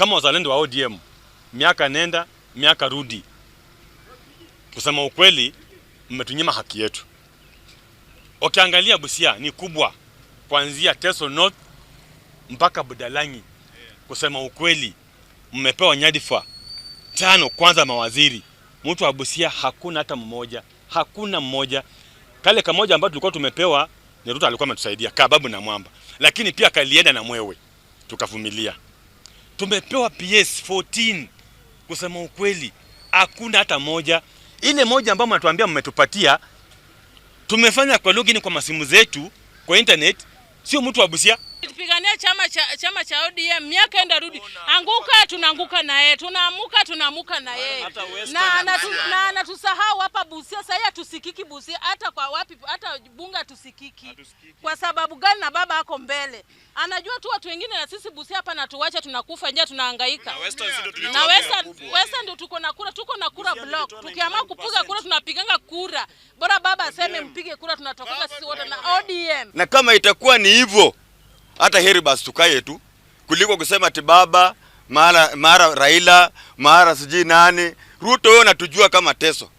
kama wazalendo wa ODM, miaka nenda miaka rudi, kusema ukweli, mmetunyima haki yetu. Ukiangalia Busia ni kubwa, kuanzia Teso North mpaka Budalangi. Kusema ukweli, mmepewa nyadifa tano kwanza mawaziri, mtu wa Busia hakuna hata mmoja, hakuna mmoja. Kale kamoja ambayo tulikuwa tumepewa ni Ruto alikuwa ametusaidia Kababu na Mwamba, lakini pia kalienda na mwewe, tukavumilia tumepewa PS 14 kusema ukweli hakuna hata moja. Ile moja ambayo mnatuambia mmetupatia, tumefanya kwa login kwa masimu zetu kwa internet, sio mtu wa Busia tunaangalia chama cha, chama cha ODM miaka enda rudi, anguka tunaanguka na yeye, tunaamuka tunaamuka na yeye, na na anatusahau hapa Busia. Sasa hatusikiki Busia, hata kwa wapi, hata bunga tusikiki. Kwa sababu gani? Na baba ako mbele, anajua tu watu wengine na sisi Busia hapa na natuwacha, tunakufa njaa, tunahangaika na Western ndio tuko na kura, tuko na kura block. Tukiamua kupiga kura tunapiganga kura, bora baba aseme mpige kura, tunatoka sisi wote na ODM, na kama itakuwa ni hivyo hata heri basi tukae tu kuliko kusema ati baba mara mara Raila mara sijui nani. Ruto, wewe unatujua kama Teso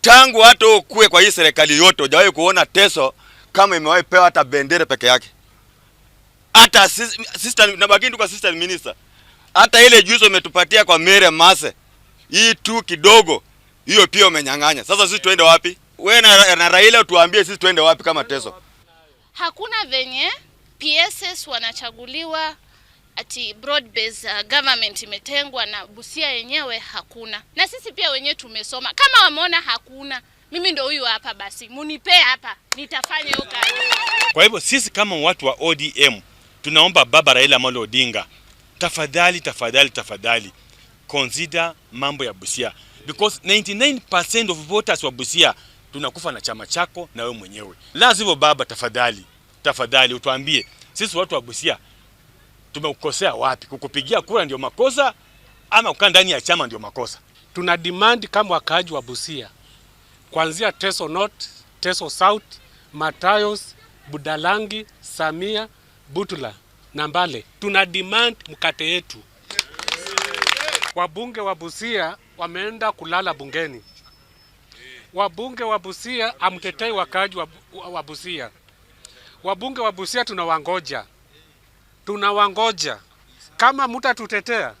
tangu hata ukue kwa hii serikali yote, hujawahi kuona Teso kama imewahi pewa hata bendera peke yake, hata sister na bagini kwa sister minister, hata ile juzo umetupatia kwa Mere Mase hii tu kidogo, hiyo pia umenyang'anya. Sasa sisi tuende wapi? Wewe na, na Raila tuambie sisi tuende wapi kama Teso? Hakuna venye PSS wanachaguliwa ati broad based uh, government imetengwa na Busia yenyewe hakuna, na sisi pia wenyewe tumesoma. Kama wameona hakuna, mimi ndo huyu hapa, basi munipee hapa, nitafanya hiyo kazi. Kwa hivyo sisi kama watu wa ODM tunaomba baba Raila Amolo Odinga, tafadhali tafadhali tafadhali consider mambo ya Busia because 99% of voters wa Busia tunakufa na chama chako na wewe mwenyewe. Lazima baba, tafadhali tafadhali utuambie sisi watu wa Busia tumekukosea wapi? Kukupigia kura ndio makosa ama kukaa ndani ya chama ndio makosa? Tuna demand kama wakaaji wa Busia kuanzia Teso North, Teso South, Matayos, Budalangi, Samia, Butula na Mbale, tuna demand mkate yetu. Wabunge wa Busia wameenda kulala bungeni. Wabunge wa Busia amtetei wakaaji wa Busia. Wabunge wa Busia tunawangoja, tunawangoja. Kama mutatutetea,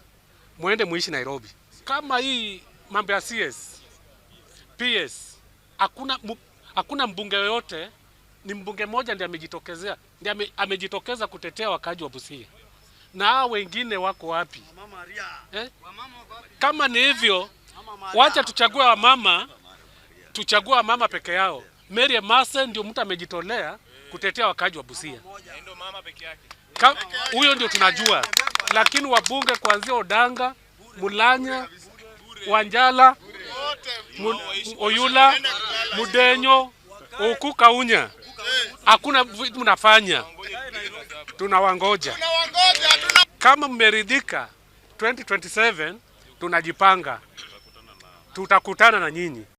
mwende muishi Nairobi. Kama hii mambo ya CS, PS, hakuna hakuna mbunge yoyote, ni mbunge mmoja ndiye amejitokezea, ndiye amejitokeza kutetea wakaaji wa Busia. Na hao wengine wako wapi? Eh? Kama ni hivyo, wacha tuchague wamama, tuchague wamama peke yao. Mary Emase ndio mtu amejitolea kutetea wakaji wa Busia, huyo ndio tunajua, lakini wabunge kuanzia Odanga, Mulanya, Wanjala, Oyula, Mudenyo, huku Kaunya, hakuna vitu mnafanya. Tunawangoja. Kama mmeridhika 2027 tunajipanga, tutakutana na nyinyi.